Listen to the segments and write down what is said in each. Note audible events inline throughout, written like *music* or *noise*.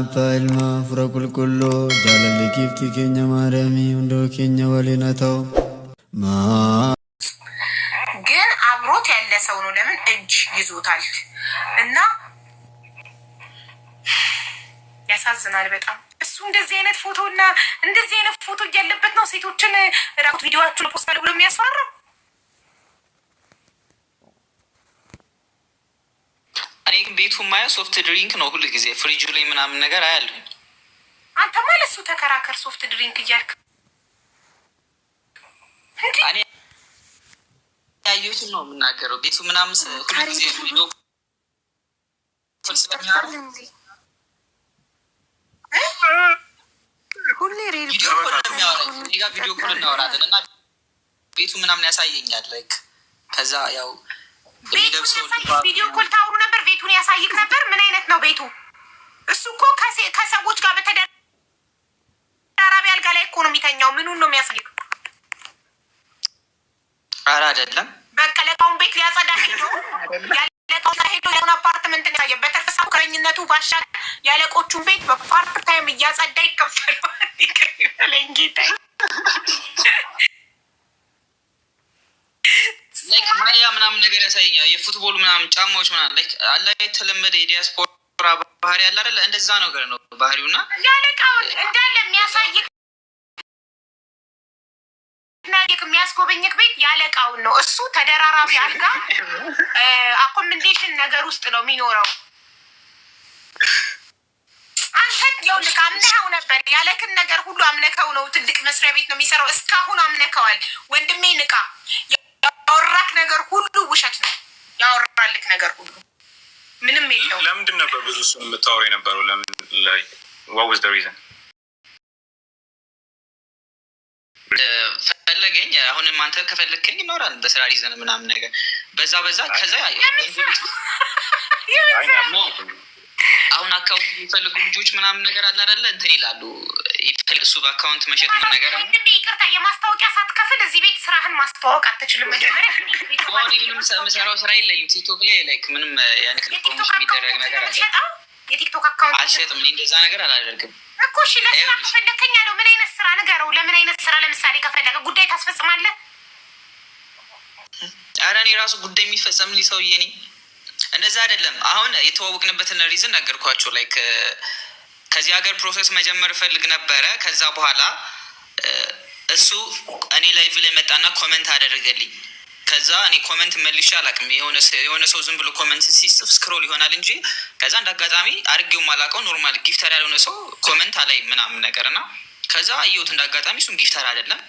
apaalma fura qulqulluu jaalalli kiiftii keenya maariyaamii hundoo keenya waliin ግን አብሮት ያለ ሰው ነው። ለምን እጅ ይዞታል እና ያሳዝናል በጣም እሱ እንደዚህ አይነት ፎቶ እና እንደዚህ አይነት ፎቶ እያለበት ነው ሴቶችን ራቁት ቪዲዮቸውን ፖስት ብሎ የሚያስፈራራው። እኔ ግን ቤቱ ማየው ሶፍት ድሪንክ ነው ሁሉ ጊዜ ፍሪጁ ላይ ምናምን ነገር አያለሁኝ። አንተማ ለሱ ተከራከር ሶፍት ድሪንክ እያልክ እኔ ያየሁትን ነው የምናገረው። ቤቱ ምናምን ሁል ጊዜ ሁሌ ቪዲዮ ኮል እናወራለን እና ቤቱ ምናምን ያሳየኛል። ከዛ ያው ቪዲዮ ኮል ታወሩ ነበር። ቤቱን ያሳይክ ነበር። ምን አይነት ነው ቤቱ? እሱ እኮ ከሰዎች ጋር በተደራራቢ አልጋ ላይ እኮ ነው የሚተኛው። ምኑን ነው የሚያሳይክ? ኧረ አይደለም። በቃ ቤት ሊያጸዳ ሄዶ ያለቃውን ሄዶ ያሁን አፓርትመንት ያየ በተፈሳ ከረኝነቱ ባሻገር ያለቆቹን ቤት በፓርት ታይም እያጸዳ ይከፍታል። ጌታ ላይክ ማያ ምናምን ነገር ያሳየኛል። የፉትቦል ምናምን ጫማዎች ምናምን ላይክ አላ የተለመደ የዲያስፖራ ባህሪ ያለ አይደለ? እንደዛ ነገር ነው ባህሪው እና ያለቃውን እንዳለ የሚያሳይክ የሚያስጎበኝክ ቤት ያለቃውን ነው። እሱ ተደራራቢ አልጋ *laughs* አኮመንዴሽን ነገር ውስጥ ነው የሚኖረው። አንተን የውልቅ አምነኸው ነበር ያለክን ነገር ሁሉ አምነከው ነው። ትልቅ መስሪያ ቤት ነው የሚሰራው። እስካሁን አምነከዋል። ወንድሜ ንቃ ያወራክ ነገር ሁሉ ውሸት ነው። ያወራልክ ነገር ሁሉ ምንም የለው። ለምንድን ነበር ብዙ እሱ የምታወሩ የነበረው? ለምን ላይ ዋውዝ ሪዘን ፈለገኝ። አሁንም አንተ ከፈለግከኝ ይኖራል በስራ ሪዘን ምናምን ነገር በዛ በዛ ከዛ አሁን አካውንት የሚፈልጉ ልጆች ምናምን ነገር አለ አይደለ? እንትን ይላሉ እሱ በአካውንት መሸጥ ምን ነገር እንደ ይቅርታ የማስታወቂያ ሳትከፍል እዚህ ቤት ስራህን ማስተዋወቅ አትችልም። መጀመሪያ ምሰራው ስራ የለኝም ቲክቶክ ላይ ላይክ ምንም ያን ክልፖሽ የሚደረግ ነገር አለ የቲክቶክ አካውንት አልሸጥም። እኔ እንደዛ ነገር አላደርግም እኮ። እሺ ለስራ ከፈለከኝ ያለው ምን አይነት ስራ ንገረው። ለምን አይነት ስራ ለምሳሌ ከፈለገ ጉዳይ ታስፈጽማለህ። ኧረ እኔ ራሱ ጉዳይ የሚፈጸም ሊሰውዬ ነኝ እንደዛ አይደለም። አሁን የተዋወቅንበትን ሪዝን ነገርኳቸው። ላይክ ከዚህ ሀገር ፕሮሰስ መጀመር እፈልግ ነበረ። ከዛ በኋላ እሱ እኔ ላይቭ ላይ መጣና ኮመንት አደረገልኝ። ከዛ እኔ ኮመንት መልሼ አላቅም። የሆነ ሰው ዝም ብሎ ኮመንት ሲጽፍ ስክሮል ይሆናል እንጂ ከዛ እንደ አጋጣሚ አድርጌው ማላውቀው ኖርማል ጊፍተር ያልሆነ ሰው ኮመንት አላይ ምናምን ነገር እና ከዛ አየሁት እንደ አጋጣሚ እሱም ጊፍተር አይደለም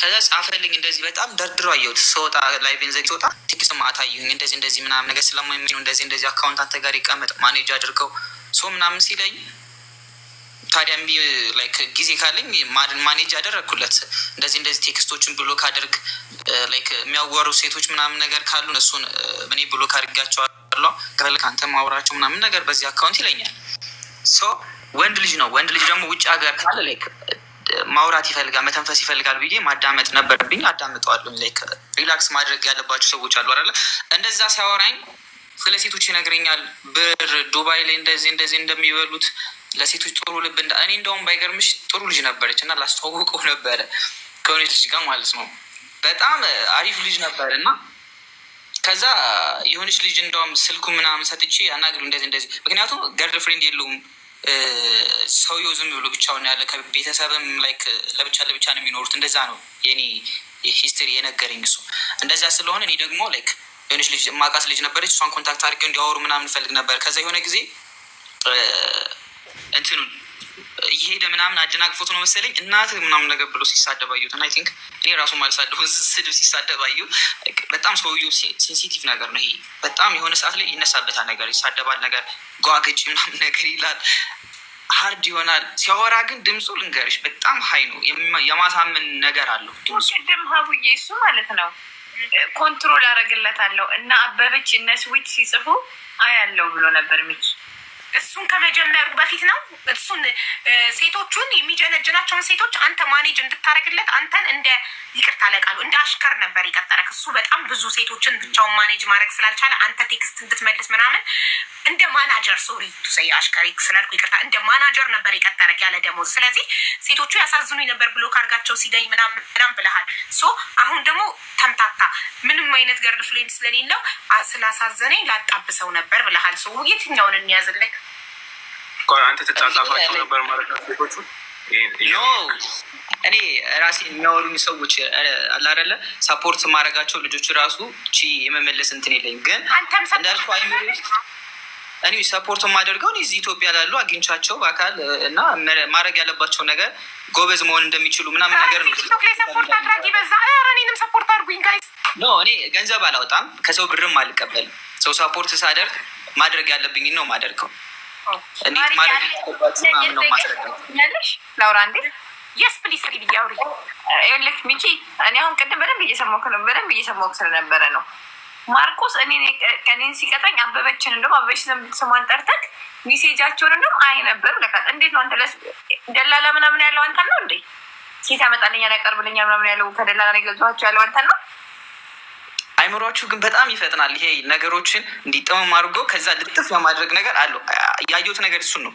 ከዛ ጻፈልኝ እንደዚህ በጣም ደርድሮ አየሁት። ሰወጣ ላይ ቤንዘ ስወጣ ቴክስ ማታ አየሁኝ እንደዚህ እንደዚህ ምናምን ነገር ስለማይመኝ እንደዚህ እንደዚህ አካውንት አንተ ጋር ይቀመጥ ማኔጅ አድርገው ሶ ምናምን ሲለኝ ታዲያ ቢ ላይክ ጊዜ ካለኝ ማድን ማኔጅ አደረግኩለት። እንደዚህ እንደዚህ ቴክስቶችን ብሎክ አድርግ፣ ላይክ የሚያዋሩ ሴቶች ምናምን ነገር ካሉ እነሱን እኔ ብሎክ አድርጋቸዋለሁ፣ ከፈለክ አንተ ማውራቸው ምናምን ነገር በዚህ አካውንት ይለኛል። ሶ ወንድ ልጅ ነው። ወንድ ልጅ ደግሞ ውጭ ሀገር ካለ ላይክ ማውራት ይፈልጋል፣ መተንፈስ ይፈልጋል ብዬ ማዳመጥ ነበርብኝ። አዳምጠዋለሁ። ላይክ ሪላክስ ማድረግ ያለባቸው ሰዎች አሉ አይደለ? እንደዛ ሲያወራኝ ስለ ሴቶች ይነግረኛል። ብር ዱባይ ላይ እንደዚህ እንደዚህ እንደሚበሉት ለሴቶች ጥሩ ልብ እንደ እኔ እንደውም ባይገርምሽ ጥሩ ልጅ ነበረች እና ላስተዋወቀው ነበረ ከሆነች ልጅ ጋር ማለት ነው። በጣም አሪፍ ልጅ ነበር እና ከዛ የሆነች ልጅ እንደውም ስልኩ ምናምን ሰጥቼ አናግሪው እንደዚህ እንደዚህ ምክንያቱም ገርል ፍሬንድ የለውም ሰውየው ዝም ብሎ ብቻውን ያለ ከቤተሰብም ላይክ ለብቻ ለብቻ ነው የሚኖሩት። እንደዛ ነው የኔ ሂስትሪ የነገረኝ እሱ። እንደዛ ስለሆነ እኔ ደግሞ ላይክ የሆነች ልጅ ማቃት ልጅ ነበረች። እሷን ኮንታክት አድርገው እንዲያወሩ ምናምን ፈልግ ነበር። ከዛ የሆነ ጊዜ እንትኑን እየሄደ ምናምን አደናቅፎት ነው መሰለኝ እናት ምናምን ነገር ብሎ ሲሳደብ አየሁት አይ ቲንክ እኔ ራሱ ማልሳደሁ *laughs* ስድብ ሲሳደብ አየሁ። በጣም ሰውዬው ሴንሲቲቭ ነገር ነው ይሄ። በጣም የሆነ ሰዓት ላይ ይነሳበታል፣ ነገር ይሳደባል፣ ነገር ጓግጭ ምናምን ነገር ይላል፣ ሀርድ ይሆናል ሲያወራ። ግን ድምፁ ልንገርሽ በጣም ሀይ ነው፣ የማሳመን ነገር አለው ድምፁ። ሀቡዬ እሱ ማለት ነው ኮንትሮል አለው እና አበበች እነ ስዊች ሲጽፉ አያለው ብሎ ነበር ሚች እሱን ከመጀመሩ በፊት ነው። እሱን ሴቶቹን የሚጀነጅናቸውን ሴቶች አንተ ማኔጅ እንድታደርግለት አንተን እንደ ይቅርታ ለቃሉ እንደ አሽከር ነበር የቀጠረክ። እሱ በጣም ብዙ ሴቶችን ብቻውን ማኔጅ ማድረግ ስላልቻለ አንተ ቴክስት እንድትመልስ ምናምን እንደ ማናጀር ሶሪ ቱሰይ አሽከር ስላልኩ ይቅርታ፣ እንደ ማናጀር ነበር የቀጠረክ ያለ ደሞዝ። ስለዚህ ሴቶቹ ያሳዝኑኝ ነበር ብሎ ካርጋቸው ሲገኝ ምናምን ብለሃል። ሶ አሁን ደግሞ ተምታታ ምንም አይነት ገርል ፍሬንድ ስለሌለው ስላሳዘነኝ ላጣብሰው ነበር ብለሃል። ሶ የትኛውን እንያዝለን? አንተ ትጻጻፋቸው ነበር ማለት ነው ሴቶቹ ኖ እኔ ራሴ የሚያወሩኝ ሰዎች አላደለ ሳፖርት ማድረጋቸው ልጆች ራሱ ቺ የመመለስ እንትን የለኝ ግን እንዳልኩ እኔ ሰፖርት የማደርገው እዚህ ኢትዮጵያ ላሉ አግኝቻቸው በአካል እና ማድረግ ያለባቸው ነገር ጎበዝ መሆን እንደሚችሉ ምናምን ነገር ነው። ሰፖርት አድርጉኝ ጋይስ። ኖ እኔ ገንዘብ አላወጣም፣ ከሰው ብርም አልቀበልም። ሰው ሰፖርት ሳደርግ ማድረግ ያለብኝ ነው ማደርገው እንዴት ማድረግ ምናምን ላውራ እንዴ የስ ፕሊስ ሪ ብዬ አውሪ ልክ ሚኪ፣ እኔ አሁን ቅድም በደንብ እየሰማሁህ ነው፣ በደንብ ስለነበረ ነው። ማርቆስ እኔን ሲቀጠኝ አበበችን እንደውም አበበች ስሟን ጠርተክ ሚሴጃቸውን አይ ነበር እንዴት ነው አንተ ደላላ ምናምን ያለው አንተን ነው እንዴ? ሴት ያመጣልኛል ያቀርብልኛል ምናምን ያለው ከደላላ ነው ያለው አንተን ነው አይምሯችሁ ግን በጣም ይፈጥናል። ይሄ ነገሮችን እንዲጠመም አድርጎ ከዛ ልጥፍ የማድረግ ነገር አለው። ያየሁት ነገር እሱን ነው።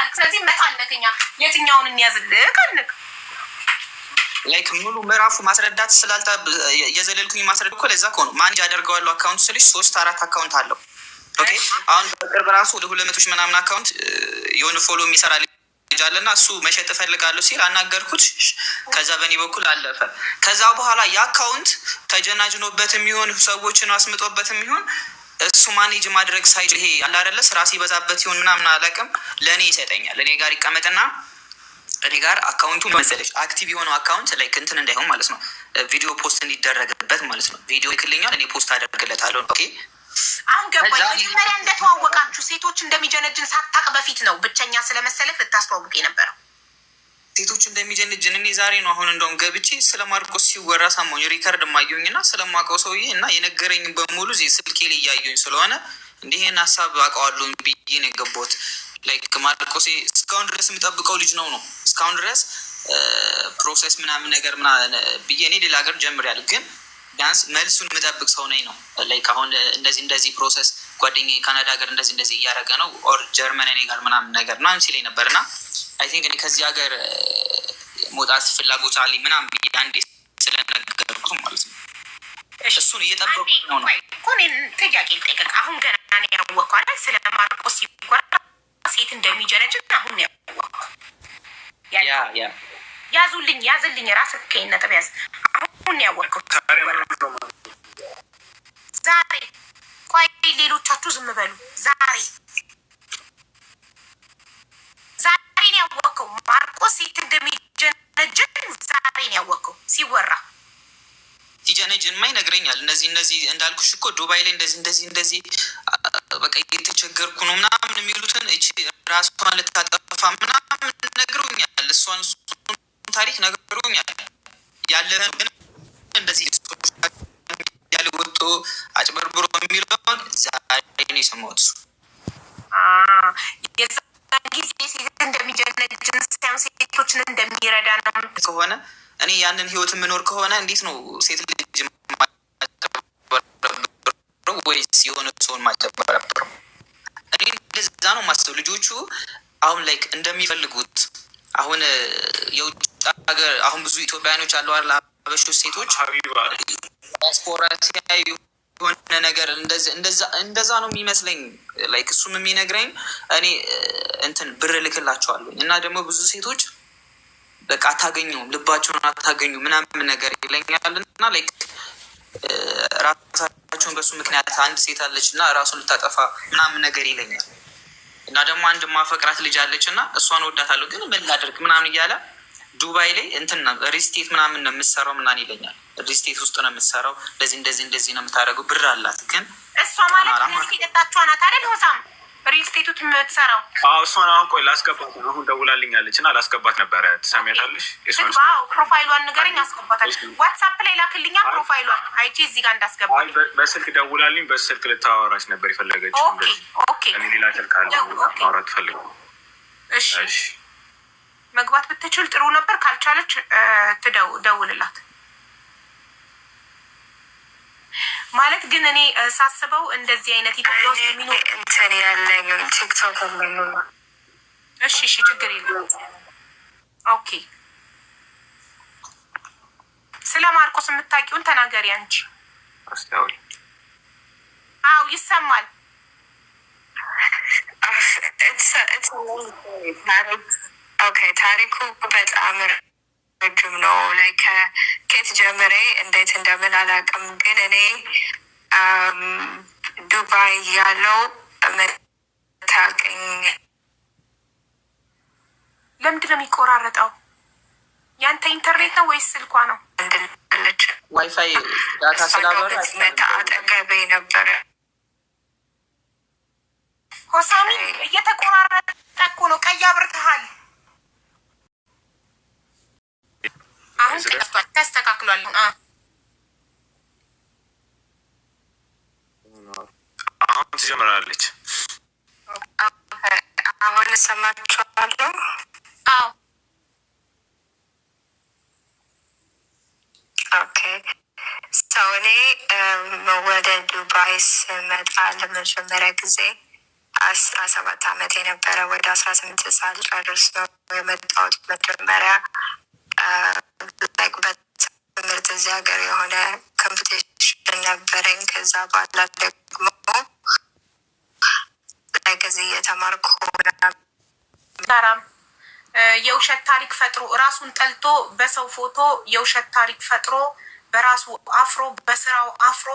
ይመጣል። ስለዚህ መጣለት ኛ የትኛውን እንያዝልህ ካልክ ላይክ ሙሉ ምዕራፉ ማስረዳት ስላልታ የዘለልኩኝ ማስረድ እኮ ለዛ ከሆኑ ማኔጅ አደርገዋለሁ አካውንት ስልሽ ሶስት አራት አካውንት አለው። ኦኬ አሁን በቅርብ ራሱ ወደ ሁለት መቶች ምናምን አካውንት የሆነ ፎሎ የሚሰራ ልጅ አለና እሱ መሸጥ እፈልጋለሁ ሲል አናገርኩት። ከዛ በእኔ በኩል አለፈ። ከዛ በኋላ የአካውንት ተጀናጅኖበት የሚሆን ሰዎችን አስምጦበት የሚሆን እሱ ማኔጅ ማድረግ ሳይችል ይሄ አለ አይደለ ስራ ሲበዛበት ሲሆን ምናምን አላውቅም፣ ለእኔ ይሰጠኛል። እኔ ጋር ይቀመጥና እኔ ጋር አካውንቱ መሰለሽ አክቲቭ የሆነው አካውንት ላይ እንትን እንዳይሆን ማለት ነው፣ ቪዲዮ ፖስት እንዲደረግበት ማለት ነው። ቪዲዮ ይክልኛል፣ እኔ ፖስት አደርግለታለሁ። ኦኬ አሁን ገባኝ። መጀመሪያ እንደተዋወቃችሁ ሴቶች እንደሚጀነጅን ሳታቅ በፊት ነው ብቸኛ ስለመሰለክ ልታስተዋውቅ የነበረው ሴቶች እንደሚጀንጅን እኔ ዛሬ ነው አሁን እንደውም ገብቼ ስለ ማርቆስ ሲወራ ሳማኝ ሪከርድ ማየኝ ና ስለማውቀው ሰውዬ እና የነገረኝ በሙሉ ስልኬ ላይ እያየኝ ስለሆነ እንዲህን ሀሳብ አውቀዋለሁ ብዬ ነው የገባሁት። ላይክ ማርቆሴ እስካሁን ድረስ የምጠብቀው ልጅ ነው ነው እስካሁን ድረስ ፕሮሰስ ምናምን ነገር ብዬ እኔ ሌላ ሀገር ጀምሬያለሁ ግን ቢያንስ መልሱን የምጠብቅ ሰው ነኝ ነው። ላይክ አሁን እንደዚህ እንደዚህ ፕሮሰስ ጓደኛ ካናዳ ሀገር እንደዚህ እንደዚህ እያደረገ ነው ኦር ጀርመን እኔ ጋር ምናምን ነገር ምናምን ሲለኝ ነበር እና አይ ቲንክ እኔ ከዚህ ሀገር መውጣት ፍላጎት አለኝ ምናምን ብዬ አንዴ ስለነገርኩት ማለት ነው። እሱን እየጠበቁ ነው ነው ጥያቄ ልጠይቅህ። አሁን ገና ነው ያወቅኸው አይደል? ስለ ማርቆስ ሲወራ ሴት እንደሚጀነጅን አሁን ነው ያወቅኸው። ያዙልኝ ያዝልኝ ራስ ከይ ነጥብ ያዝ። አሁን ነው ያወቅኸው ዛሬ። ቆይ ሌሎቻችሁ ዝም በሉ ዛሬ ተደብቆ ሴት እንደሚጀነጀን ዛሬ ነው ያወቅከው ሲወራ ሲጀነጅ ማ ይነግረኛል። እነዚህ እነዚህ እንዳልኩሽ እኮ ዱባይ ላይ እንደዚህ እንደዚህ እንደዚህ በቃ የተቸገርኩ ነው ምናምን የሚሉትን እቺ ራሷን ልታጠፋ ምናምን ነግሮኛል። እሷን ታሪክ ነግሮኛል። ያለ ግን እንደዚህ ያለ ወጥቶ አጭበርብሮ የሚለውን ዛሬ ነው የሰማሁት። እንደሚጀነጅን ሳይሆን ሴቶችን እንደሚረዳ ነው ከሆነ እኔ ያንን ህይወት የምኖር ከሆነ እንዴት ነው ሴት ልጅ ማጨበረብረው ወይስ የሆነ ሰውን ማጨበረበር? እኔ እንደዛ ነው ማስበው። ልጆቹ አሁን ላይክ እንደሚፈልጉት አሁን የውጭ ሀገር አሁን ብዙ ኢትዮጵያኖች አሉ አበሾች ሴቶች ዲያስፖራ ሲያዩ የሆነ ነገር እንደዛ ነው የሚመስለኝ። ላይክ እሱም የሚነግረኝ እኔ እንትን ብር ልክላቸዋለሁ እና ደግሞ ብዙ ሴቶች በቃ አታገኙም፣ ልባቸውን አታገኙ ምናምን ነገር ይለኛል እና ላይክ ራሳቸውን በሱ ምክንያት አንድ ሴት አለች እና ራሱን ልታጠፋ ምናምን ነገር ይለኛል እና ደግሞ አንድ ማፈቅራት ልጅ አለች እና እሷን ወዳታለሁ ግን ምን ምናምን እያለ ዱባይ ላይ እንትና ሪስቴት ምናምን ነው የምትሰራው ምናምን ይለኛል። ሪስቴት ውስጥ ነው የምትሰራው፣ እንደዚህ እንደዚህ እንደዚህ ነው የምታደርገው፣ ብር አላት። ግን እሷ ማለት የጠጣችኋ ናት ሆሳም ሪስቴቱት የምትሰራው እሷን። አሁን ቆይ ላስገባት፣ አሁን ደውላልኛለች እና ላስገባት ነበረ። ትሰሚያታለሽ? ፕሮፋይሏን ንገረኝ፣ አስገባታል። ዋትሳፕ ላይ ላክልኛ ፕሮፋይሏን አይቼ እዚህ ጋር እንዳስገባ። በስልክ ደውላልኝ፣ በስልክ ልታወራች ነበር የፈለገች። ሌላ ስልክ አለ ማውራት ትፈልግ። እሺ መግባት ብትችል ጥሩ ነበር። ካልቻለች ትደውልላት ማለት ግን እኔ ሳስበው እንደዚህ አይነት ኢትዮጵያ ውስጥ የሚኖር እንትን ያለኝ ቲክቶክ እሺ፣ እሺ፣ ችግር የለም። ኦኬ፣ ስለ ማርቆስ የምታውቂውን ተናገሪ አንቺ። አው ይሰማል ኦኬ ታሪኩ በጣም ረጅም ነው። ላይ ከኬት ጀምሬ እንዴት እንደምን አላውቅም፣ ግን እኔ ዱባይ ያለው መታቀኝ ለምንድን ነው የሚቆራረጠው? ያንተ ኢንተርኔት ነው ወይስ ስልኳ ነው? እንድለች ዋይፋይ ዳታ ስላበራ አጠገቤ ነበረ። ሆሳሚ እየተቆራረጠ እኮ ነው። ቀይ አብርተሃል አሁን ቀርቷል፣ ተስተካክሏል። አሁን ትጀምራለች። አሁን እሰማችኋለሁ። አዎ ኦኬ። ሰው እኔ ወደ ዱባይ ስመጣ ለመጀመሪያ ጊዜ አስራ ሰባት አመት የነበረ ወደ አስራ ስምንት ሳልጨርስ ነው የመጣሁት መጀመሪያ ላይክበት ትምህርት እዚህ ሀገር የሆነ ኮምፒቴሽን ነበረኝ። ከዛ በኋላ ደግሞ ነገዚ እየተማርኩ የውሸት ታሪክ ፈጥሮ እራሱን ጠልቶ በሰው ፎቶ የውሸት ታሪክ ፈጥሮ በራሱ አፍሮ በስራው አፍሮ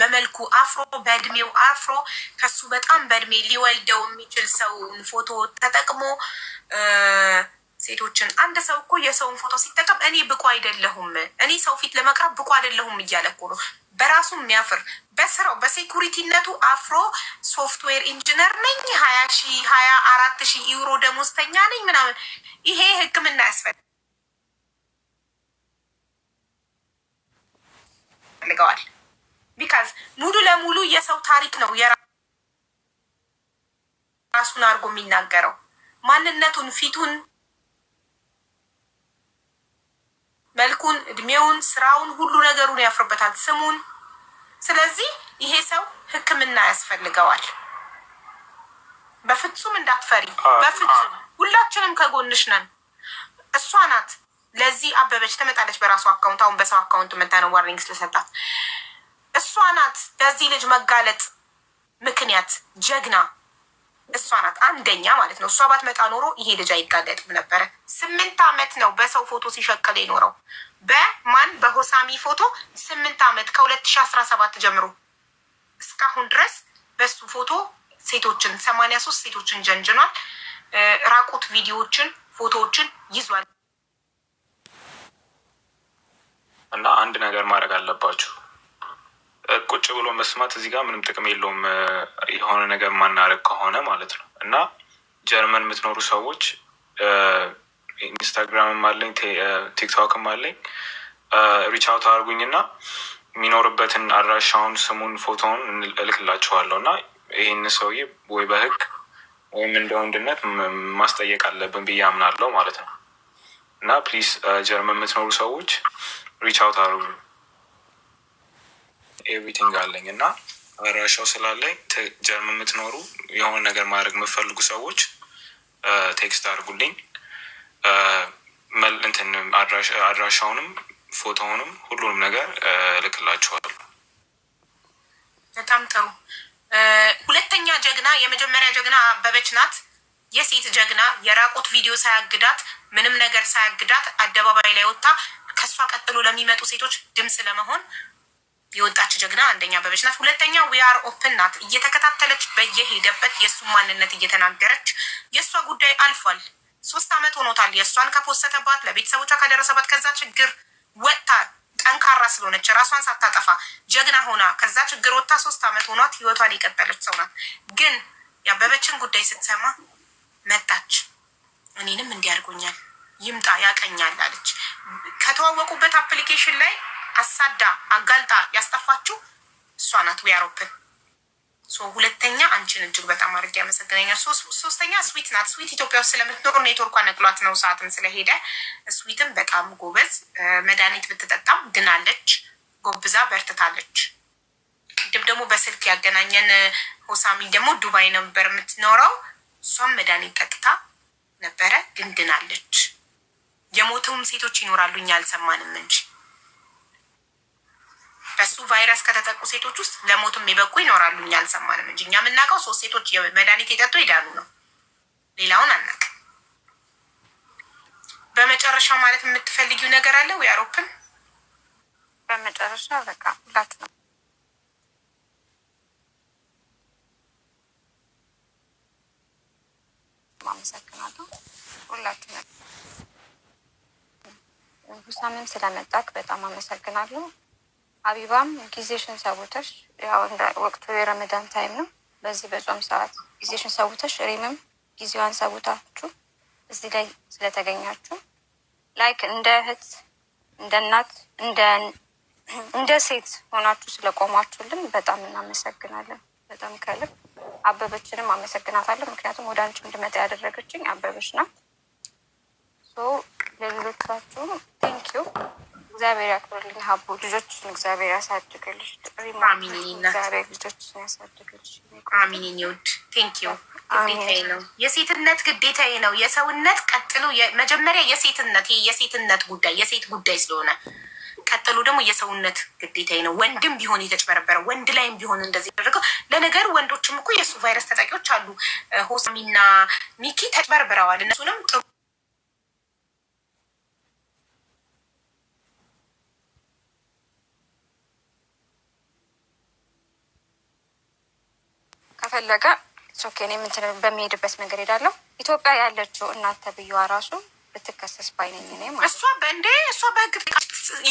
በመልኩ አፍሮ በእድሜው አፍሮ ከሱ በጣም በእድሜ ሊወልደው የሚችል ሰውን ፎቶ ተጠቅሞ ሴቶችን አንድ ሰው እኮ የሰውን ፎቶ ሲጠቀም እኔ ብቁ አይደለሁም፣ እኔ ሰው ፊት ለመቅረብ ብቁ አይደለሁም እያለ እኮ ነው። በራሱ የሚያፍር በስራው በሴኩሪቲነቱ አፍሮ ሶፍትዌር ኢንጂነር ነኝ ሀያ ሺ ሀያ አራት ሺ ዩሮ ደሞዝተኛ ነኝ ምናምን ይሄ ህክምና ያስፈልገዋል። ቢካዝ ሙሉ ለሙሉ የሰው ታሪክ ነው የራሱን አድርጎ የሚናገረው ማንነቱን ፊቱን መልኩን፣ እድሜውን፣ ስራውን፣ ሁሉ ነገሩን ያፍርበታል፣ ስሙን። ስለዚህ ይሄ ሰው ሕክምና ያስፈልገዋል። በፍጹም እንዳትፈሪ፣ በፍጹም ሁላችንም ከጎንሽ ነን። እሷ ናት ለዚህ አበበች ትመጣለች በራሱ አካውንት፣ አሁን በሰው አካውንት ነው ዋርኒንግ ስለሰጣት እሷ ናት ለዚህ ልጅ መጋለጥ ምክንያት ጀግና እሷ ናት አንደኛ ማለት ነው። እሷ ባትመጣ ኖሮ ይሄ ልጅ አይጋለጥም ነበረ። ስምንት ዓመት ነው በሰው ፎቶ ሲሸቅል የኖረው በማን በሆሳሚ ፎቶ ስምንት ዓመት ከሁለት ሺ አስራ ሰባት ጀምሮ እስካሁን ድረስ በሱ ፎቶ ሴቶችን ሰማንያ ሶስት ሴቶችን ጀንጅኗል። ራቁት ቪዲዮዎችን ፎቶዎችን ይዟል እና አንድ ነገር ማድረግ አለባችሁ ቁጭ ብሎ መስማት እዚህ ጋር ምንም ጥቅም የለውም። የሆነ ነገር ማናደርግ ከሆነ ማለት ነው። እና ጀርመን የምትኖሩ ሰዎች ኢንስታግራምም አለኝ ቲክቶክም አለኝ፣ ሪቻውት አውት አድርጉኝ እና የሚኖርበትን አድራሻውን፣ ስሙን፣ ፎቶውን እልክላችኋለሁ እና ይህን ሰውዬ ወይ በህግ ወይም እንደ ወንድነት ማስጠየቅ አለብን ብዬ አምናለሁ ማለት ነው እና ፕሊስ ጀርመን የምትኖሩ ሰዎች ሪቻውት አውት አድርጉኝ። ኤቭሪቲንግ አለኝ እና አድራሻው ስላለኝ ጀርመን የምትኖሩ የሆነ ነገር ማድረግ የምፈልጉ ሰዎች ቴክስት አድርጉልኝ። እንትን አድራሻውንም ፎቶውንም ሁሉንም ነገር እልክላችኋለሁ። በጣም ጥሩ። ሁለተኛ ጀግና፣ የመጀመሪያ ጀግና አበበች ናት። የሴት ጀግና የራቁት ቪዲዮ ሳያግዳት ምንም ነገር ሳያግዳት አደባባይ ላይ ወጥታ ከእሷ ቀጥሎ ለሚመጡ ሴቶች ድምፅ ለመሆን የወጣች ጀግና አንደኛ አበበች ናት። ሁለተኛ ዊአር ኦፕን ናት። እየተከታተለች በየሄደበት የእሱ ማንነት እየተናገረች የእሷ ጉዳይ አልፏል። ሶስት ዓመት ሆኖታል። የእሷን ከፖሰተባት ለቤተሰቦቿ ከደረሰባት ከዛ ችግር ወጥታ ጠንካራ ስለሆነች ራሷን ሳታጠፋ ጀግና ሆና ከዛ ችግር ወጥታ ሶስት ዓመት ሆኗት ህይወቷን የቀጠለች ሰው ናት። ግን የአበበችን ጉዳይ ስትሰማ መጣች። እኔንም እንዲያርጎኛል ይምጣ ያቀኛል አለች። ከተዋወቁበት አፕሊኬሽን ላይ አሳዳ አጋልጣ ያስጠፋችው እሷ ናት። ዊያሮፕን ሁለተኛ አንቺን እጅግ በጣም አድርጌ ያመሰግነኛል። ሶስተኛ ስዊት ናት። ስዊት ኢትዮጵያ ውስጥ ስለምትኖር ኔትወርኳ ነቅሏት ነው ሰዓትም ስለሄደ ስዊትም በጣም ጎበዝ መድኃኒት ብትጠጣም ድናለች። ጎብዛ በርትታለች። ቅድም ደግሞ በስልክ ያገናኘን ሆሳሚ ደግሞ ዱባይ ነበር የምትኖረው። እሷም መድኃኒት ጠጥታ ነበረ ግን ድናለች። የሞተውም ሴቶች ይኖራሉ እኛ አልሰማንም እንጂ በሱ ቫይረስ ከተጠቁ ሴቶች ውስጥ ለሞት የሚበቁ ይኖራሉ። እኛ አልሰማንም እንጂ እኛ የምናውቀው ሶስት ሴቶች መድኃኒት የጠጡ ይዳኑ ነው። ሌላውን አናውቅ። በመጨረሻ ማለት የምትፈልጊው ነገር አለ ወይ? አውሮፕን በመጨረሻ በቃ ሁላት ነው አመሰግናለሁ። ሁላችሁ ሁሳምም ስለመጣክ በጣም አመሰግናለሁ። ሀቢባም ጊዜሽን ሰውተሽ ያው ወቅቱ የረመዳን ታይም ነው። በዚህ በጾም ሰዓት ጊዜሽን ሰውተሽ ሪምም ጊዜዋን ሰውታችሁ እዚህ ላይ ስለተገኛችሁ ላይክ እንደ እህት፣ እንደ እናት፣ እንደ ሴት ሆናችሁ ስለቆማችሁልን በጣም እናመሰግናለን። በጣም ከልብ አበበችንም አመሰግናታለሁ። ምክንያቱም ወደ አንቺ እንድመጣ ያደረገችኝ አበበች ናት። ሌሎቻችሁም ቴንኪዩ እግዚአብሔር ያክብርልኝ ሀቡ ልጆችን እግዚአብሔር ያሳድግልሽ። ግዴታዬ ነው፣ የሴትነት ግዴታ ነው። የሰውነት ቀጥሎ መጀመሪያ የሴትነት የሴትነት ጉዳይ የሴት ጉዳይ ስለሆነ ቀጥሎ ደግሞ የሰውነት ግዴታዬ ነው። ወንድም ቢሆን የተጭበረበረ ወንድ ላይም ቢሆን እንደዚህ ያደረገው። ለነገር ወንዶችም እኮ የእሱ ቫይረስ ተጠቂዎች አሉ። ሆሳሚና ሚኪ ተጭበርብረዋል። እነሱንም ጥሩ ከፈለገ ሶኬን የምንትን በሚሄድበት መንገድ ሄዳለሁ። ኢትዮጵያ ያለችው እናንተ ተብዬዋ ራሱ ብትከሰስ ባይነኝ ነ እሷ በእንዴ እሷ በህግ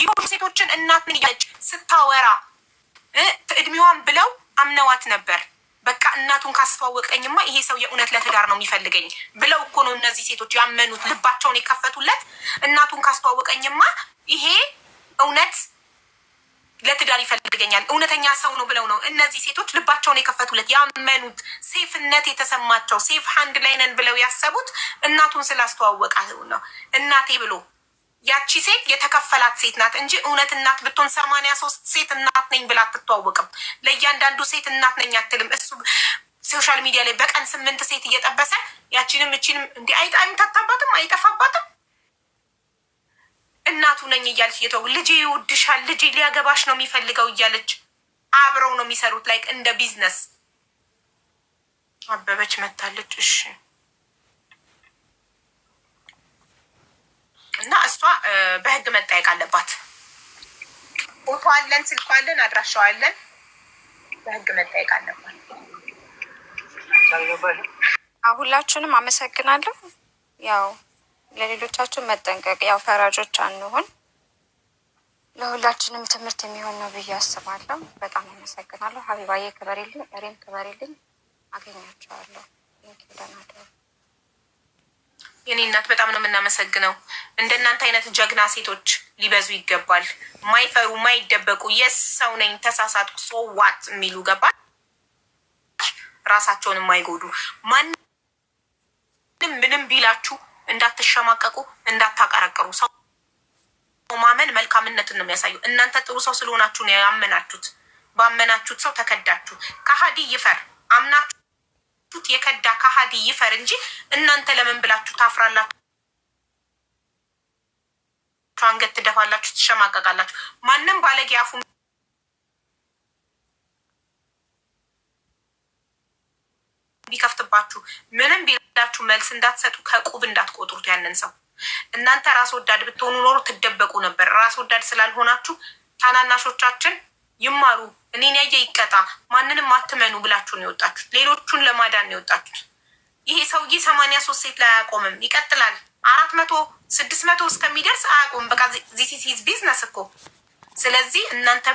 የሆኑ ሴቶችን እናት ምን እያለች ስታወራ እድሜዋን ብለው አምነዋት ነበር። በቃ እናቱን ካስተዋወቀኝማ ይሄ ሰው የእውነት ለትዳር ነው የሚፈልገኝ ብለው እኮ ነው እነዚህ ሴቶች ያመኑት፣ ልባቸውን የከፈቱለት። እናቱን ካስተዋወቀኝማ ይሄ እውነት ለትዳር ይፈልገኛል እውነተኛ ሰው ነው ብለው ነው እነዚህ ሴቶች ልባቸውን የከፈቱለት ያመኑት ሴፍነት የተሰማቸው ሴፍ ሀንድ ላይ ነን ብለው ያሰቡት እናቱን ስላስተዋወቃ ነው። እናቴ ብሎ ያቺ ሴት የተከፈላት ሴት ናት እንጂ እውነት እናት ብትሆን ሰማንያ ሶስት ሴት እናት ነኝ ብላ አትተዋወቅም። ለእያንዳንዱ ሴት እናት ነኝ አትልም። እሱ ሶሻል ሚዲያ ላይ በቀን ስምንት ሴት እየጠበሰ ያቺንም እቺንም እንዲህ አይጣሚ ታታባትም አይጠፋባትም እናቱ ነኝ እያለች እየተው ልጄ ይወድሻል፣ ልጄ ሊያገባሽ ነው የሚፈልገው እያለች አብረው ነው የሚሰሩት። ላይክ እንደ ቢዝነስ አበበች መታለች። እሺ እና እሷ በህግ መጠየቅ አለባት። ፎቶ አለን፣ ስልኮ አለን፣ አድራሻው አለን። በህግ መጠየቅ አለባት። ሁላችሁንም አመሰግናለሁ ያው ለሌሎቻችን መጠንቀቅ ያው ፈራጆች አንሆን ለሁላችንም ትምህርት የሚሆን ነው ብዬ አስባለሁ። በጣም አመሰግናለሁ። ሀቢባዬ ክበሬልኝ፣ እሬም ክበሬልኝ። አገኛቸዋለሁ። የኔ እናት በጣም ነው የምናመሰግነው። እንደእናንተ አይነት ጀግና ሴቶች ሊበዙ ይገባል። ማይፈሩ ማይደበቁ፣ የሰው ነኝ ተሳሳትኩ፣ ሶዋት የሚሉ ገባል። ራሳቸውን የማይጎዱ ማንም ምንም ቢላችሁ እንዳትሸማቀቁ፣ እንዳታቀረቅሩ። ሰው ማመን መልካምነትን ነው የሚያሳየው። እናንተ ጥሩ ሰው ስለሆናችሁ ነው ያመናችሁት። ባመናችሁት ሰው ተከዳችሁ። ከሀዲ ይፈር አምናችሁት የከዳ ከሀዲ ይፈር እንጂ እናንተ ለምን ብላችሁ ታፍራላችሁ? አንገት ትደፋላችሁ፣ ትሸማቀቃላችሁ። ማንም ባለጌ አፉ አለባችሁ። ምንም ቢላችሁ መልስ እንዳትሰጡ፣ ከቁብ እንዳትቆጥሩት ያንን ሰው። እናንተ ራስ ወዳድ ብትሆኑ ኖሮ ትደበቁ ነበር። ራስ ወዳድ ስላልሆናችሁ ታናናሾቻችን ይማሩ፣ እኔን ያየ ይቀጣ፣ ማንንም አትመኑ ብላችሁ ነው የወጣችሁት። ሌሎቹን ለማዳን ነው የወጣችሁት። ይሄ ሰውዬ ሰማንያ ሶስት ሴት ላይ አያቆምም፣ ይቀጥላል። አራት መቶ ስድስት መቶ እስከሚደርስ አያቆምም። በቃ ዚሲሲዝ ቢዝነስ እኮ። ስለዚህ እናንተ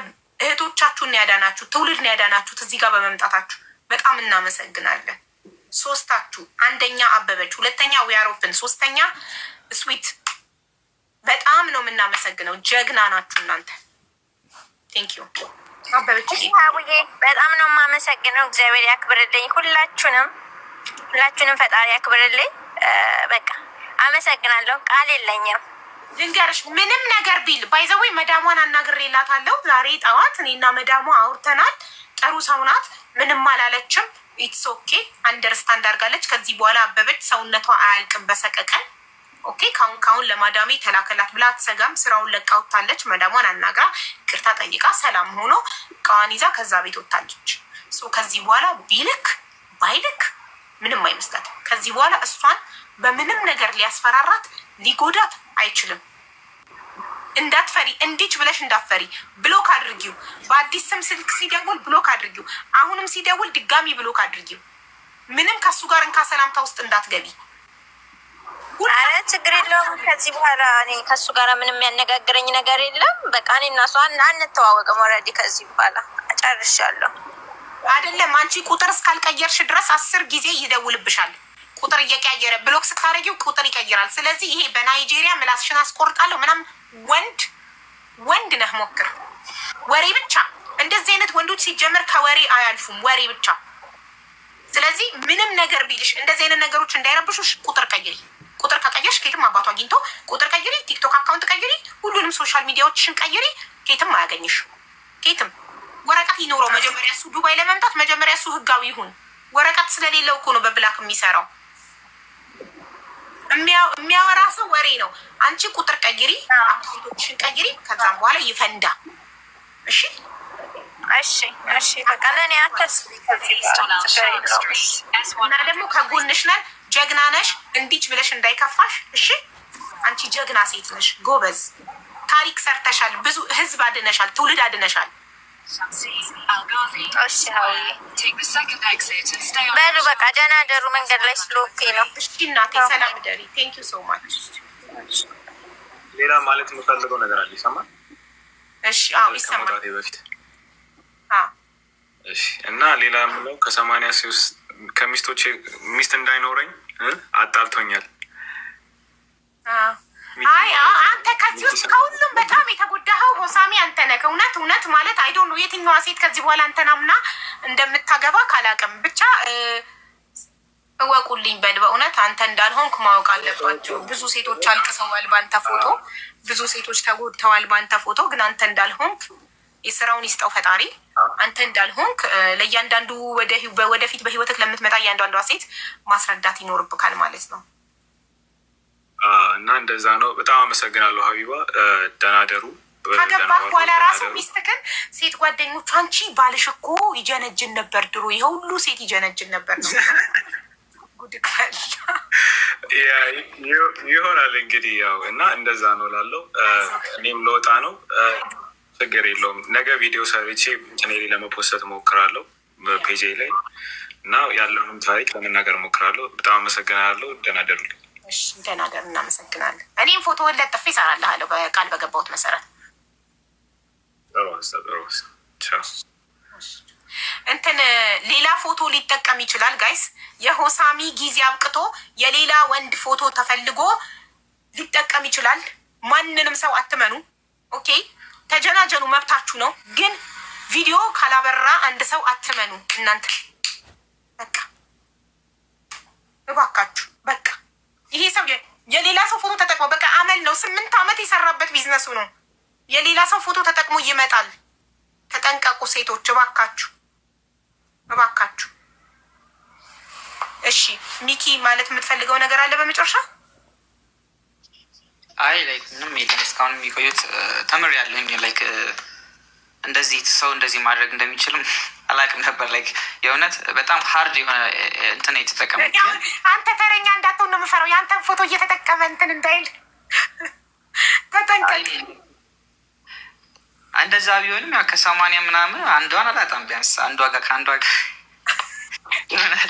እህቶቻችሁን ያዳናችሁ ትውልድ ያዳናችሁት እዚህ ጋር በመምጣታችሁ በጣም እናመሰግናለን። ሶስታችሁ፣ አንደኛ አበበች፣ ሁለተኛ ዊያሮፕን፣ ሶስተኛ ስዊት፣ በጣም ነው የምናመሰግነው። ጀግና ናችሁ እናንተ። ቴንክ ዩ አበበች፣ በጣም ነው የማመሰግነው። እግዚአብሔር ያክብርልኝ ሁላችሁንም፣ ሁላችሁንም ፈጣሪ ያክብርልኝ። በቃ አመሰግናለሁ። ቃል የለኝም። ልንገርሽ ምንም ነገር ቢል ባይዘዌ መዳሟን አናግሬላታለሁ ዛሬ ጠዋት። እኔና መዳሟ አውርተናል። ጥሩ ሰው ናት። ምንም አላለችም። ኢትስ ኦኬ አንደርስታንድ አድርጋለች። ከዚህ በኋላ አበበች ሰውነቷ አያልቅም በሰቀቀን ኦኬ ካሁን ካሁን ለማዳሜ ተላከላት ብላ አትሰጋም። ስራውን ለቃ ወጥታለች። መዳሟን አናግራ ቅርታ ጠይቃ ሰላም ሆኖ እቃዋን ይዛ ከዛ ቤት ወጥታለች። ከዚህ በኋላ ቢልክ ባይልክ ምንም አይመስላትም። ከዚህ በኋላ እሷን በምንም ነገር ሊያስፈራራት ሊጎዳት አይችልም። እንዳትፈሪ እንዲች ብለሽ እንዳትፈሪ። ብሎክ አድርጊው። በአዲስ ስም ስልክ ሲደውል ብሎክ አድርጊው። አሁንም ሲደውል ድጋሚ ብሎክ አድርጊው። ምንም ከሱ ጋር እንካ ሰላምታ ውስጥ እንዳትገቢ። አረ ችግር የለውም። ከዚህ በኋላ እኔ ከሱ ጋር ምንም የሚያነጋግረኝ ነገር የለም። በቃ እኔ እና እሷ አንተዋወቅም። ኦልሬዲ ከዚህ በኋላ ጨርሻለሁ። አይደለም አንቺ ቁጥር እስካልቀየርሽ ድረስ አስር ጊዜ ይደውልብሻል። ቁጥር እየቀያየረ ብሎክ ስታረጊው ቁጥር ይቀይራል። ስለዚህ ይሄ በናይጄሪያ ምላስሽን አስቆርጣለሁ ምናምን ወንድ ወንድ ነህ ሞክር። ወሬ ብቻ እንደዚህ አይነት ወንዶች ሲጀምር ከወሬ አያልፉም፣ ወሬ ብቻ። ስለዚህ ምንም ነገር ቢልሽ እንደዚህ አይነት ነገሮች እንዳይረብሹሽ ቁጥር ቀይሪ። ቁጥር ከቀየርሽ ከየትም አባቱ አግኝቶ ቁጥር ቀይሪ፣ ቲክቶክ አካውንት ቀይሪ፣ ሁሉንም ሶሻል ሚዲያዎችሽን ቀይሪ። ከየትም አያገኝሽ። ከየትም ወረቀት ይኖረው መጀመሪያ እሱ ዱባይ ለመምጣት መጀመሪያ እሱ ህጋዊ ይሁን። ወረቀት ስለሌለው እኮ ነው በብላክ የሚሰራው። የሚያወራ ሰው ወሬ ነው። አንቺ ቁጥር ቀይሪ፣ አቶችን ቀይሪ። ከዛም በኋላ ይፈንዳ። እሺ፣ እሺ፣ እሺ። በቃ ለእኔ እና ደግሞ ከጎንሽ ነን። ጀግና ነሽ፣ እንዲች ብለሽ እንዳይከፋሽ። እሺ፣ አንቺ ጀግና ሴት ነሽ፣ ጎበዝ። ታሪክ ሰርተሻል፣ ብዙ ህዝብ አድነሻል፣ ትውልድ አድነሻል። በሉ በቃ ደህና ደሩ። መንገድ ላይ ስለሆንኩ ነው። ሌላ ማለት የምፈልገው ነገር አለ። ይሰማል? ከመውጣቴ በፊት እና ሌላ የምለው ከሰማንያ ሶስት ከሚስቶቼ ሚስት እንዳይኖረኝ አጣልቶኛል። አንተ ከዚህ ከሁሉም በጣም የተጎዳኸው ሆሳሚ አንተ ነህ። እውነት እውነት ማለት አይዶን ነው። የትኛዋ ሴት ከዚህ በኋላ አንተን አምና እንደምታገባ ካላቅም ብቻ እወቁልኝ በል። በእውነት አንተ እንዳልሆንክ ማወቅ አለባቸው። ብዙ ሴቶች አልቅሰዋል በአንተ ፎቶ፣ ብዙ ሴቶች ተጎድተዋል በአንተ ፎቶ። ግን አንተ እንዳልሆንክ የስራውን ይስጠው ፈጣሪ። አንተ እንዳልሆንክ ለእያንዳንዱ ወደፊት በህይወትህ ለምትመጣ እያንዳንዷ ሴት ማስረዳት ይኖርብካል ማለት ነው። እና እንደዛ ነው። በጣም አመሰግናለሁ ሀቢባ። ደህና ደሩ። ከገባህ በኋላ ራሱ ሚስትክን ሴት ጓደኞቹ አንቺ ባልሽ እኮ ይጀነጅን ነበር ድሮ፣ ይሄ ሴት ይጀነጅን ነበር ነው *laughs* ይሆናል እንግዲህ ያው እና እንደዛ ነው ላለው እኔም ለወጣ ነው። ችግር የለውም። ነገ ቪዲዮ ሰርቼ ኔሪ ለመፖሰት ሞክራለሁ ፔጄ ላይ እና ያለውንም ታሪክ ለመናገር ሞክራለሁ። በጣም አመሰግናለሁ። ደህና ደሩልኝ። ተናገር። እናመሰግናለን። እኔም ፎቶውን ለጥፌ እሰራልሃለሁ በቃል በገባሁት መሰረት። እንትን ሌላ ፎቶ ሊጠቀም ይችላል። ጋይስ የሆሳሚ ጊዜ አብቅቶ የሌላ ወንድ ፎቶ ተፈልጎ ሊጠቀም ይችላል። ማንንም ሰው አትመኑ። ኦኬ፣ ተጀናጀኑ፣ መብታችሁ ነው። ግን ቪዲዮ ካላበራ አንድ ሰው አትመኑ። እናንተ በቃ እባካችሁ ቢዝነሱ ነው። የሌላ ሰው ፎቶ ተጠቅሞ ይመጣል። ተጠንቀቁ ሴቶች፣ እባካችሁ እባካችሁ። እሺ ሚኪ፣ ማለት የምትፈልገው ነገር አለ በመጨረሻ? አይ ላይክ ምንም የለም እስካሁን የሚቆዩት ተምር ያለ ላይክ እንደዚህ ሰው እንደዚህ ማድረግ እንደሚችልም አላቅም ነበር። ላይክ የእውነት በጣም ሀርድ የሆነ እንትን የተጠቀመ አንተ ተረኛ እንዳትሆን ነው የምፈራው። የአንተን ፎቶ እየተጠቀመ እንትን እንዳይል ተጠንቀቅ። እንደዛ ቢሆንም ያው ከሰማንያ ምናምን አንዷን አላጣም። ቢያንስ አንዷ ጋር ከአንዷ ጋር ይሆናል።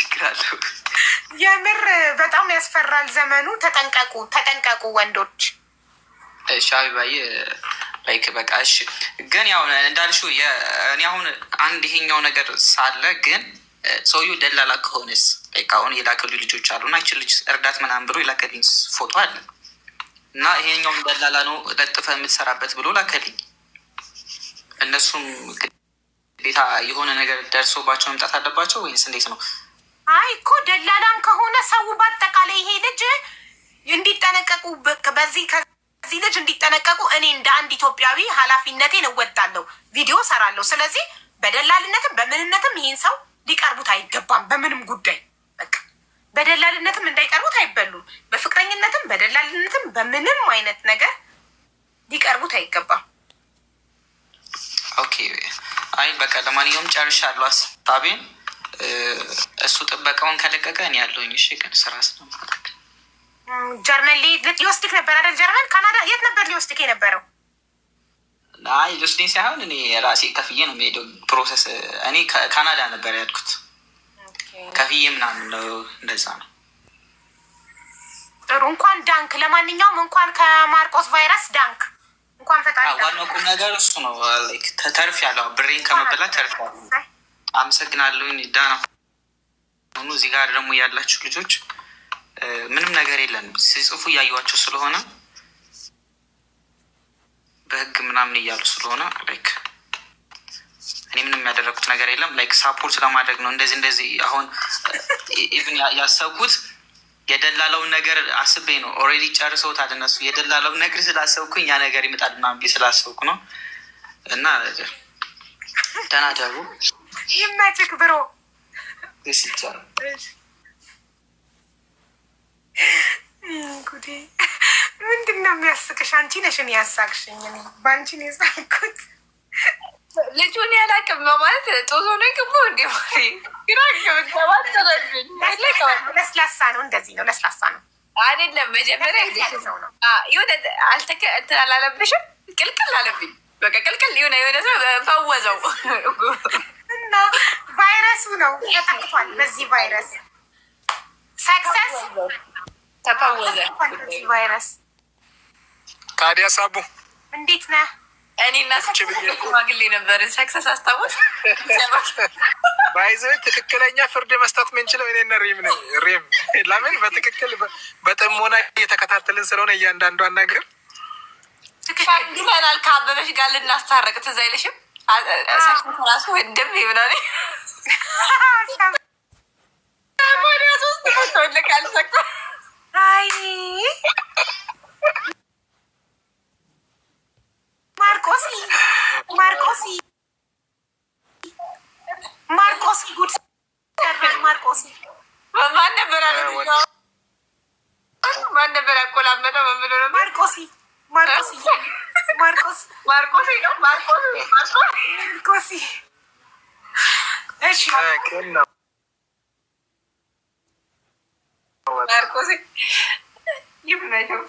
ችግር አለው። የምር በጣም ያስፈራል ዘመኑ። ተጠንቀቁ፣ ተጠንቀቁ ወንዶች። እሺ አቢባዬ ላይክ በቃ እሺ። ግን ያው እንዳልሽው እኔ አሁን አንድ ይሄኛው ነገር ሳለ ግን ሰውዬው ደላላ ከሆነስ አሁን የላከሉ ልጆች አሉ እና ይችን ልጅ እርዳት ምናምን ብሎ የላከልኝ ፎቶ አለን እና ይሄኛውን ደላላ ነው ለጥፈ የምትሰራበት ብሎ ላከልኝ። እነሱም ግዴታ የሆነ ነገር ደርሶባቸው መምጣት አለባቸው ወይስ እንዴት ነው? አይ እኮ ደላላም ከሆነ ሰው በአጠቃላይ ይሄ ልጅ እንዲጠነቀቁ በዚህ ከዚህ ልጅ እንዲጠነቀቁ እኔ እንደ አንድ ኢትዮጵያዊ ኃላፊነቴን እወጣለሁ፣ ቪዲዮ ሰራለሁ። ስለዚህ በደላልነትም በምንነትም ይህን ሰው ሊቀርቡት አይገባም በምንም ጉዳይ በደላልነትም እንዳይቀርቡት አይበሉም። በፍቅረኝነትም በደላልነትም በምንም አይነት ነገር ሊቀርቡት አይገባም። ኦኬ አይ በቃ ለማንኛውም ጨርሻለሁ ሀሳቤን። እሱ ጥበቃውን ከለቀቀ እኔ ያለውኝ እሺ ግን ስራ ስለማድረግ ጀርመን ሊወስድክ ነበር አይደል? ጀርመን ካናዳ፣ የት ነበር ሊወስድክ የነበረው? አይ ሊወስደኝ ሳይሆን እኔ ራሴ ከፍዬ ነው የምሄደው። ፕሮሰስ እኔ ካናዳ ነበር ያልኩት ከፍዬ ምናምን ነው። እንደዛ ነው። ጥሩ እንኳን ዳንክ። ለማንኛውም እንኳን ከማርቆስ ቫይረስ ዳንክ። እንኳን ፈጣሪ ዋናው ቁም ነገር እሱ ነው። ተርፍ ያለው ብሬን ከመበላት ተርፍ ያለው። አመሰግናለሁኝ ዳና። ሆኑ እዚህ ጋር ደግሞ ያላችሁ ልጆች ምንም ነገር የለንም። ሲጽፉ እያየዋቸው ስለሆነ በህግ ምናምን እያሉ ስለሆነ ላይክ እኔ ምንም የሚያደረግኩት ነገር የለም። ላይክ ሳፖርት ለማድረግ ነው እንደዚህ እንደዚህ። አሁን ኢቭን uh, ያሰብኩት የደላለውን ነገር አስቤ ነው። ኦልሬዲ ጨርሰውታል እነሱ። የደላለውን ነገር ስላሰብኩኝ ያ ነገር ይመጣል ምናምን ስላሰብኩ ነው። እና ደህና ደሩ ይመችክ ብሮ ጉዴ ምንድን ነው የሚያስቅሽ? አንቺ ነሽን ያሳቅሽኝ። በአንቺን የሳቅኩት ልጁን ያላቅም በማለት ጦዞ ነው ግቦ ለስላሳ ነው። እንደዚህ ነው። ለስላሳ ነው አይደለም። መጀመሪያ የሆነ እንትን አላለብሽም? ቅልቅል አለብኝ። በቃ ቅልቅል የሆነ የሆነ ሰው ፈወዘው እና ቫይረሱ ነው ተጠቅቷል። በዚህ ቫይረስ ሰክሰስ ተፈወዘ። ቫይረስ ታዲያ ሳቡ እንዴት ነህ? እኔ እና ሽማግሌ ነበር ባይዘ ትክክለኛ ፍርድ መስጠት የምንችለው እኔና ሪም ነው። ሪም ለምን በትክክል በጥሞና እየተከታተልን ስለሆነ እያንዳንዷን ነገር ከአበበሽ ጋር ልናስታረቅ ትዝ አይልሽም? ራሱ ይብላል ማርቆስ ማርቆስ ማርቆስ ማርቆስ ነው ማርቆስ ማርቆስ እሺ ማርቆስ ይመቸው።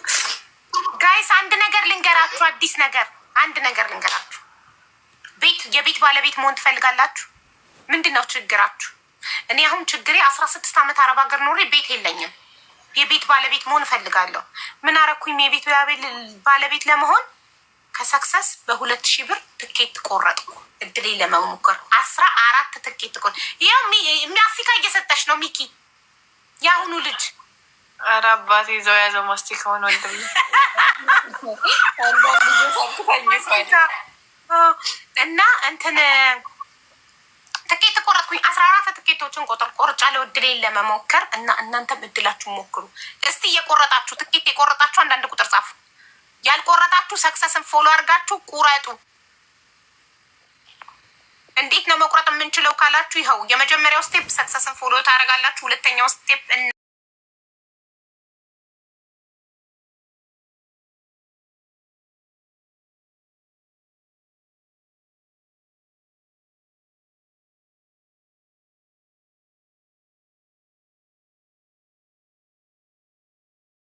ጋይስ አንድ ነገር ልንገራችሁ፣ አዲስ ነገር አንድ ነገር ልንገራችሁ። ቤት የቤት ባለቤት መሆን ትፈልጋላችሁ? ምንድን ነው ችግራችሁ? እኔ አሁን ችግሬ አስራ ስድስት ዓመት አረብ ሀገር ኖሬ ቤት የለኝም። የቤት ባለቤት መሆን እፈልጋለሁ። ምን አረኩኝ? የቤቱ ባለቤት ለመሆን ከሰክሰስ በሁለት ሺህ ብር ትኬት ቆረጥኩ። እድሌ ለመሞከር አስራ አራት ትኬት ቆር ያው ማስቲካ እየሰጠች ነው ሚኪ፣ የአሁኑ ልጅ ኧረ አባቴ ዘው ያዘው ሆን ወንድ *laughs* እና እንትን እየቆረጥኩኝ አስራ አራት ትኬቶችን ቁጥር ቆርጫ እድሌን ለመሞከር እና እናንተም እድላችሁ ሞክሩ እስቲ። እየቆረጣችሁ ትኬት የቆረጣችሁ አንዳንድ ቁጥር ጻፉ። ያልቆረጣችሁ ሰክሰስን ፎሎ አድርጋችሁ ቁረጡ። እንዴት ነው መቁረጥ የምንችለው ካላችሁ፣ ይኸው የመጀመሪያው ስቴፕ ሰክሰስን ፎሎ ታደርጋላችሁ። ሁለተኛው ስቴፕ